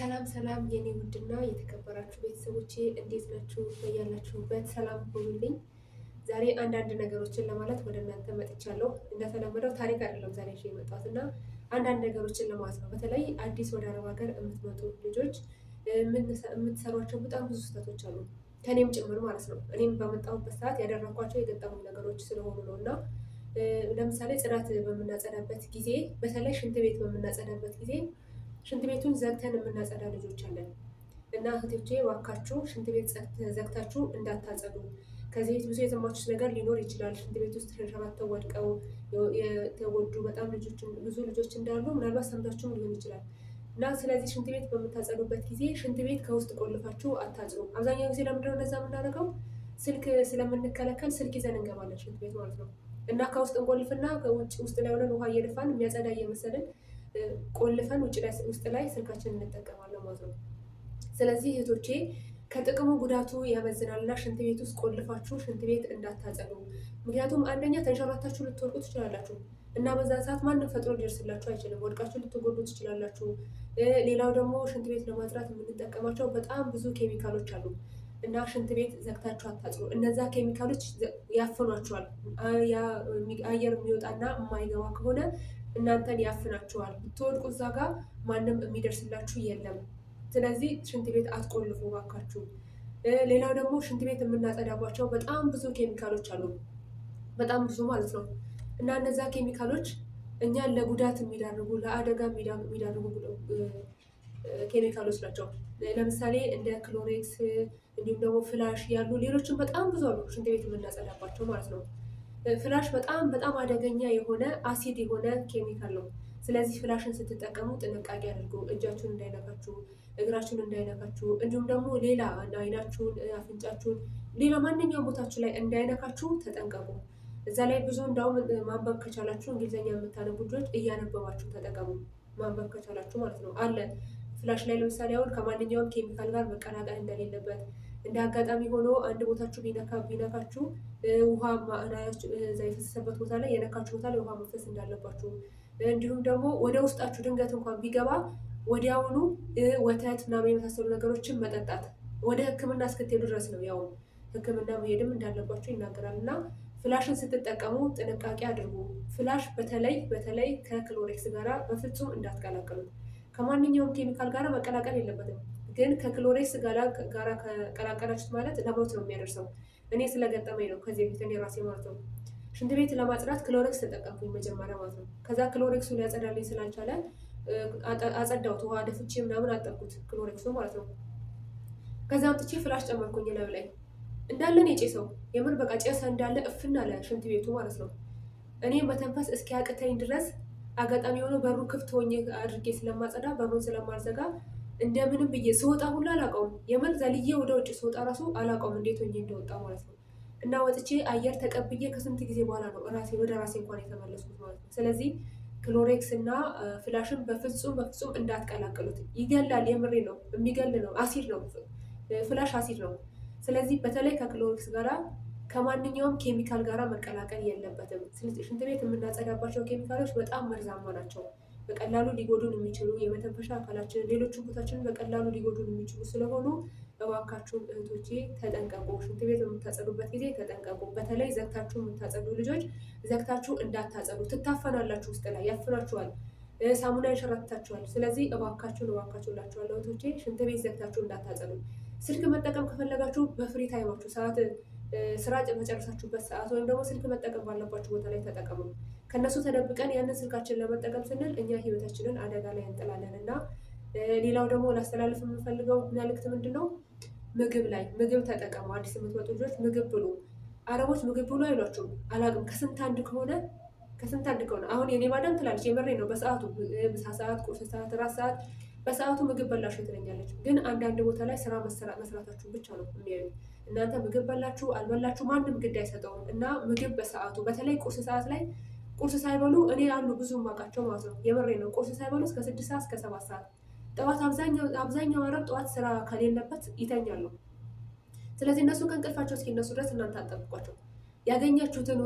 ሰላም ሰላም የኔ ውድና የተከበራችሁ ቤተሰቦቼ እንዴት ናችሁ? በያላችሁበት ሰላም ሁኑልኝ። ዛሬ አንዳንድ ነገሮችን ለማለት ወደ እናንተ መጥቻለሁ። እንደተለመደው ታሪክ አይደለም ዛሬ ሽ የመጣሁት እና አንዳንድ ነገሮችን ለማለት ነው። በተለይ አዲስ ወደ አረብ ሀገር የምትመጡ ልጆች የምትሰሯቸው በጣም ብዙ ስህተቶች አሉ፣ ከእኔም ጭምር ማለት ነው። እኔም በመጣሁበት ሰዓት ያደረኳቸው የገጠሙ ነገሮች ስለሆኑ ነው እና ለምሳሌ ጽዳት በምናጸዳበት ጊዜ፣ በተለይ ሽንት ቤት በምናጸዳበት ጊዜ ሽንት ቤቱን ዘግተን የምናጸዳ ልጆች አለን እና እህቶቼ እባካችሁ ሽንት ቤት ዘግታችሁ እንዳታጸዱ። ከዚህ ቤት ብዙ የሰማችሁት ነገር ሊኖር ይችላል። ሽንት ቤት ውስጥ ተንሸራተው ወድቀው የተጎዱ በጣም ብዙ ልጆች እንዳሉ ምናልባት ሰምታችሁም ሊሆን ይችላል እና ስለዚህ ሽንት ቤት በምታጸዱበት ጊዜ ሽንት ቤት ከውስጥ ቆልፋችሁ አታጽዱ። አብዛኛው ጊዜ ለምንድነው እንደዛ የምናደርገው? ስልክ ስለምንከለከል ስልክ ይዘን እንገባለን ሽንት ቤት ማለት ነው እና ከውስጥ እንቆልፍና ከውጭ ውስጥ ላይ ሆነን ውሃ እየደፋን የሚያጸዳ እየመሰልን ቆልፈን ውጭ ላይ ውስጥ ላይ ስልካችን እንጠቀማለን ማለት ነው። ስለዚህ እህቶቼ ከጥቅሙ ጉዳቱ ያመዝናልና ሽንት ቤት ውስጥ ቆልፋችሁ ሽንት ቤት እንዳታጸዱ። ምክንያቱም አንደኛ ተንሸራታችሁ ልትወርቁ ትችላላችሁ እና በዛ ሰዓት ማንም ፈጥኖ ሊደርስላችሁ አይችልም። ወድቃችሁ ልትጎዱ ትችላላችሁ። ሌላው ደግሞ ሽንት ቤት ለማጽዳት የምንጠቀማቸው በጣም ብዙ ኬሚካሎች አሉ እና ሽንት ቤት ዘግታችሁ አታጽዱ። እነዛ ኬሚካሎች ያፍኗችኋል። አየር የሚወጣና የማይገባ ከሆነ እናንተን ያፍናችኋል። ብትወድቁ እዛ ጋር ማንም የሚደርስላችሁ የለም። ስለዚህ ሽንት ቤት አትቆልፉ እባካችሁ። ሌላው ደግሞ ሽንት ቤት የምናጸዳባቸው በጣም ብዙ ኬሚካሎች አሉ፣ በጣም ብዙ ማለት ነው። እና እነዛ ኬሚካሎች እኛን ለጉዳት የሚዳርጉ ለአደጋ የሚዳርጉ ኬሚካሎች ናቸው። ለምሳሌ እንደ ክሎሬት እንዲሁም ደግሞ ፍላሽ ያሉ ሌሎችም በጣም ብዙ አሉ፣ ሽንት ቤት የምናጸዳባቸው ማለት ነው። ፍላሽ በጣም በጣም አደገኛ የሆነ አሲድ የሆነ ኬሚካል ነው። ስለዚህ ፍላሽን ስትጠቀሙ ጥንቃቄ አድርጉ። እጃችሁን እንዳይነካችሁ፣ እግራችሁን እንዳይነካችሁ እንዲሁም ደግሞ ሌላ አይናችሁን፣ አፍንጫችሁን፣ ሌላ ማንኛውም ቦታችሁ ላይ እንዳይነካችሁ ተጠንቀቁ። እዛ ላይ ብዙ እንዳውም ማንበብ ከቻላችሁ እንግሊዝኛ የምታነቡ ልጆች እያነበባችሁ ተጠቀሙ። ማንበብ ከቻላችሁ ማለት ነው አለ ፍላሽ ላይ ለምሳሌ አሁን ከማንኛውም ኬሚካል ጋር መቀላቀል እንደሌለበት እንደ አጋጣሚ ሆኖ አንድ ቦታችሁ ቢነካችሁ ውሃ እዛ የፈሰሰበት ቦታ ላይ የነካችሁ ቦታ ላይ ውሃ መፍሰስ እንዳለባችሁ እንዲሁም ደግሞ ወደ ውስጣችሁ ድንገት እንኳን ቢገባ ወዲያውኑ ወተት ምናምን የመሳሰሉ ነገሮችን መጠጣት ወደ ሕክምና እስክትሄዱ ድረስ ነው። ያው ሕክምና መሄድም እንዳለባችሁ ይናገራል እና ፍላሽን ስትጠቀሙ ጥንቃቄ አድርጉ። ፍላሽ በተለይ በተለይ ከክሎሬክስ ጋራ በፍጹም እንዳትቀላቀሉት። ከማንኛውም ኬሚካል ጋር መቀላቀል የለበትም። ግን ከክሎሬስ ጋራ ከቀላቀላችሁት ማለት ለሞት ነው የሚያደርሰው። እኔ ስለገጠመኝ ነው ከዚህ በፊት እኔ ራሴ ማለት ነው ሽንት ቤት ለማጽዳት ክሎሬክስ ተጠቀምኩኝ መጀመሪያ ማለት ነው። ከዛ ክሎሬክሱ ሊያጸዳልኝ ስላልቻለ አጸዳሁት፣ ውሃ ደፍቼ ምናምን አጠብኩት ክሎሬክሱ ማለት ነው። ከዛ አምጥቼ ፍላሽ ጨመርኩኝ ለብ ላይ እንዳለን የጨሰው የምን በቃ ጨሰ እንዳለ እፍና አለ ሽንት ቤቱ ማለት ነው። እኔ መተንፈስ እስኪያቅተኝ ድረስ አጋጣሚ የሆነ በሩ ክፍት ሆኜ አድርጌ ስለማጸዳ በሩን ስለማልዘጋ እንደምንም ብዬ ስወጣ ሁሉ አላውቀውም። የመን ዘልዬ ወደ ውጭ ስወጣ ራሱ አላውቀውም እንዴት ሆኜ እንደወጣ ማለት ነው። እና ወጥቼ አየር ተቀብዬ ከስንት ጊዜ በኋላ ነው ራሴ ወደ ራሴ እንኳን የተመለስኩት ማለት ነው። ስለዚህ ክሎሬክስ እና ፍላሽን በፍጹም በፍጹም እንዳትቀላቅሉት፣ ይገላል። የምሬ ነው፣ የሚገል ነው፣ አሲድ ነው። ፍላሽ አሲድ ነው። ስለዚህ በተለይ ከክሎሪክስ ጋራ ከማንኛውም ኬሚካል ጋራ መቀላቀል የለበትም። ሽንት ቤት የምናጸዳባቸው ኬሚካሎች በጣም መርዛማ ናቸው። በቀላሉ ሊጎዱን የሚችሉ የመተንፈሻ አካላችንን፣ ሌሎችን ኩታችንን በቀላሉ ሊጎዱን የሚችሉ ስለሆኑ እባካችሁን እህቶቼ ተጠንቀቁ። ሽንት ቤት በምታጸዱበት ጊዜ ተጠንቀቁ። በተለይ ዘግታችሁ የምታጸዱ ልጆች ዘግታችሁ እንዳታጸዱ፣ ትታፈናላችሁ፣ ውስጥ ላይ ያፍናችኋል፣ ሳሙና ይሸራትታችኋል። ስለዚህ እባካችሁን እባካችሁ ላችኋለሁ እህቶቼ ሽንት ቤት ዘግታችሁ እንዳታጸዱ። ስልክ መጠቀም ከፈለጋችሁ በፍሪ ታይማችሁ ሰዓት ስራ መጨረሳችሁበት ሰዓት ወይም ደግሞ ስልክ መጠቀም ባለባችሁ ቦታ ላይ ተጠቀሙ። ከነሱ ተደብቀን ያንን ስልካችን ለመጠቀም ስንል እኛ ህይወታችንን አደጋ ላይ እንጥላለን እና ሌላው ደግሞ ላስተላልፍ የምንፈልገው መልእክት ምንድን ነው? ምግብ ላይ ምግብ ተጠቀሙ። አዲስ የምትመጡ ልጆች ምግብ ብሉ። አረቦች ምግብ ብሉ አይሏችሁም። አላቅም ከስንት አንድ ከሆነ ከስንት አንድ ከሆነ አሁን የኔ ማዳም ትላለች፣ የምሬ ነው። በሰዓቱ ምሳ ሰዓት፣ ቁርስ ሰዓት፣ ራት ሰዓት በሰዓቱ ምግብ በላችሁ ትለኛለች። ግን አንዳንድ ቦታ ላይ ስራ መስራታችሁ ብቻ ነው የሚያዩ። እናንተ ምግብ በላችሁ አልበላችሁ ማንም ግድ አይሰጠውም። እና ምግብ በሰዓቱ በተለይ ቁርስ ሰዓት ላይ ቁርስ ሳይበሉ እኔ አሉ ብዙ ማውቃቸው ማለት ነው። የምሬ ነው። ቁርስ ሳይበሉ እስከ ስድስት ሰዓት እስከ ሰባት ሰዓት ጠዋት አብዛኛው አረብ ጠዋት ስራ ከሌለበት ይተኛሉ። ስለዚህ እነሱ ከእንቅልፋቸው እስኪነሱ ድረስ እናንተ አጠብቋቸው። ያገኛችሁትን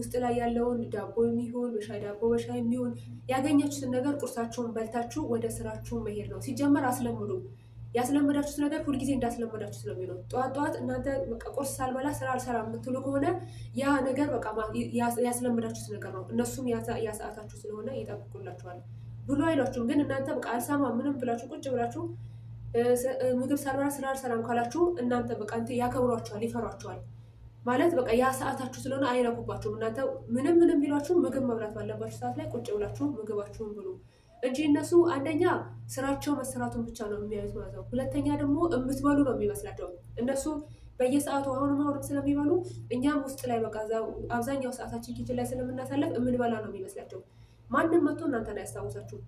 ውስጥ ላይ ያለውን ዳቦ የሚሆን በሻይ ዳቦ በሻይ የሚሆን ያገኛችሁትን ነገር ቁርሳችሁን በልታችሁ ወደ ስራችሁ መሄድ ነው። ሲጀመር አስለምዱ። ያስለመዳችሁት ነገር ሁልጊዜ እንዳስለመዳችሁት ነው የሚሆነው። ጠዋት ጠዋት እናንተ በቃ ቁርስ ሳልበላ ስራ አልሰራ የምትሉ ከሆነ ያ ነገር በቃ ያስለመዳችሁት ነገር ነው። እነሱም ያ ሰዓታችሁ ስለሆነ ይጠብቁላችኋል ብሎ አይሏችሁም። ግን እናንተ በቃ አልሰማ ምንም ብላችሁ ቁጭ ብላችሁ ምግብ ሳልበላ ስራ አልሰራም ካላችሁ እናንተ በቃ እንትን ያከብሯችኋል፣ ይፈሯችኋል ማለት በቃ ያ ሰዓታችሁ ስለሆነ አይረኩባችሁም። እናንተ ምንም ምንም ቢሏችሁ ምግብ መብላት ባለባችሁ ሰዓት ላይ ቁጭ ብላችሁ ምግባችሁን ብሉ። እንጂ እነሱ አንደኛ ስራቸው መሰራቱን ብቻ ነው የሚያዩት ማለት ነው። ሁለተኛ ደግሞ የምትበሉ ነው የሚመስላቸው እነሱ በየሰዓቱ አሁንም አሁንም ስለሚበሉ እኛም ውስጥ ላይ በቃ አብዛኛው ሰዓታችን ኪችን ላይ ስለምናሳለፍ የምንበላ ነው የሚመስላቸው። ማንም መጥቶ እናንተን አያስታውሳችሁም።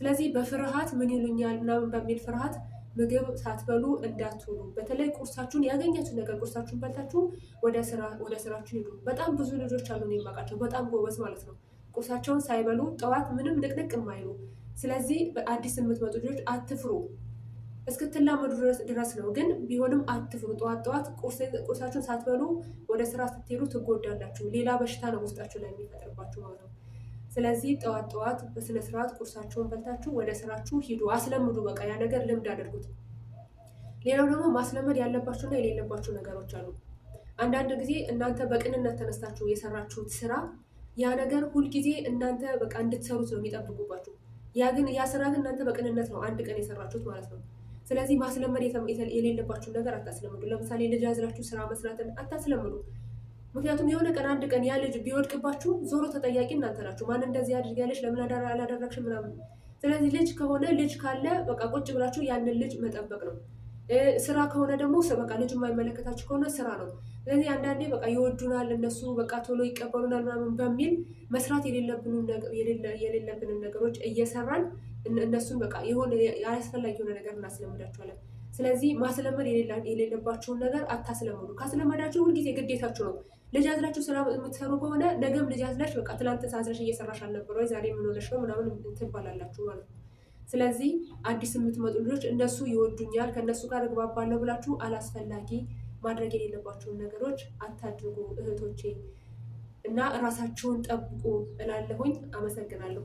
ስለዚህ በፍርሃት ምን ይሉኛል ምናምን በሚል ፍርሃት ምግብ ሳትበሉ እንዳትሆኑ፣ በተለይ ቁርሳችሁን ያገኛችሁ ነገር ቁርሳችሁን በልታችሁ ወደ ስራችሁ ሂዱ። በጣም ብዙ ልጆች አሉ የማውቃቸው በጣም ጎበዝ ማለት ነው ቁርሳቸውን ሳይበሉ ጠዋት ምንም ንቅንቅ የማይሉ ስለዚህ በአዲስ የምትመጡ ልጆች አትፍሩ፣ እስክትላመዱ ድረስ ነው። ግን ቢሆንም አትፍሩ። ጠዋት ጠዋት ቁርሳችሁን ሳትበሉ ወደ ስራ ስትሄዱ ትጎዳላችሁ። ሌላ በሽታ ነው ውስጣችሁ ላይ የሚፈጥርባችሁ ማለት ነው። ስለዚህ ጠዋት ጠዋት በስነስርዓት ቁርሳቸውን በልታችሁ ወደ ስራችሁ ሂዱ። አስለምዱ። በቃ ያ ነገር ልምድ አድርጉት። ሌላው ደግሞ ማስለመድ ያለባችሁና የሌለባችሁ ነገሮች አሉ። አንዳንድ ጊዜ እናንተ በቅንነት ተነስታችሁ የሰራችሁት ስራ ያ ነገር ሁልጊዜ እናንተ በቃ እንድትሰሩት ነው የሚጠብቁባችሁ። ያ ግን ያ ስራ ግን እናንተ በቅንነት ነው አንድ ቀን የሰራችሁት ማለት ነው። ስለዚህ ማስለመድ የሌለባችሁን ነገር አታስለምዱ። ለምሳሌ ልጅ አዝላችሁ ስራ መስራትን አታስለምዱ። ምክንያቱም የሆነ ቀን አንድ ቀን ያ ልጅ ቢወድቅባችሁ ዞሮ ተጠያቂ እናንተ ናችሁ። ማን እንደዚህ ያለች ለምን አላደረግሽ ምናምን። ስለዚህ ልጅ ከሆነ ልጅ ካለ በቃ ቁጭ ብላችሁ ያንን ልጅ መጠበቅ ነው። ስራ ከሆነ ደግሞ በቃ ልጁ የማይመለከታቸው ከሆነ ስራ ነው። ስለዚህ አንዳንዴ በቃ ይወዱናል እነሱ በቃ ቶሎ ይቀበሉናል ምናምን በሚል መስራት የሌለብንን ነገሮች እየሰራን እነሱን በቃ የሆነ አላስፈላጊ የሆነ ነገር እናስለምዳቸዋለን። ስለዚህ ማስለመድ የሌለባቸውን ነገር አታስለምዱ። ካስለመዳቸው ሁልጊዜ ግዴታችሁ ነው። ልጅ አዝላችሁ ስራ የምትሰሩ ከሆነ ነገም ልጅ አዝላች በቃ ትናንት ሳዝለሽ እየሰራሽ አልነበረ ዛሬ የምንሆነሽ ነው ምናምን ትባላላችሁ ማለት ነው። ስለዚህ አዲስ የምትመጡ ልጆች እነሱ ይወዱኛል ከእነሱ ጋር እግባባለሁ ብላችሁ አላስፈላጊ ማድረግ የሌለባቸውን ነገሮች አታድርጉ እህቶቼ እና እራሳችሁን ጠብቁ እላለሁኝ። አመሰግናለሁ።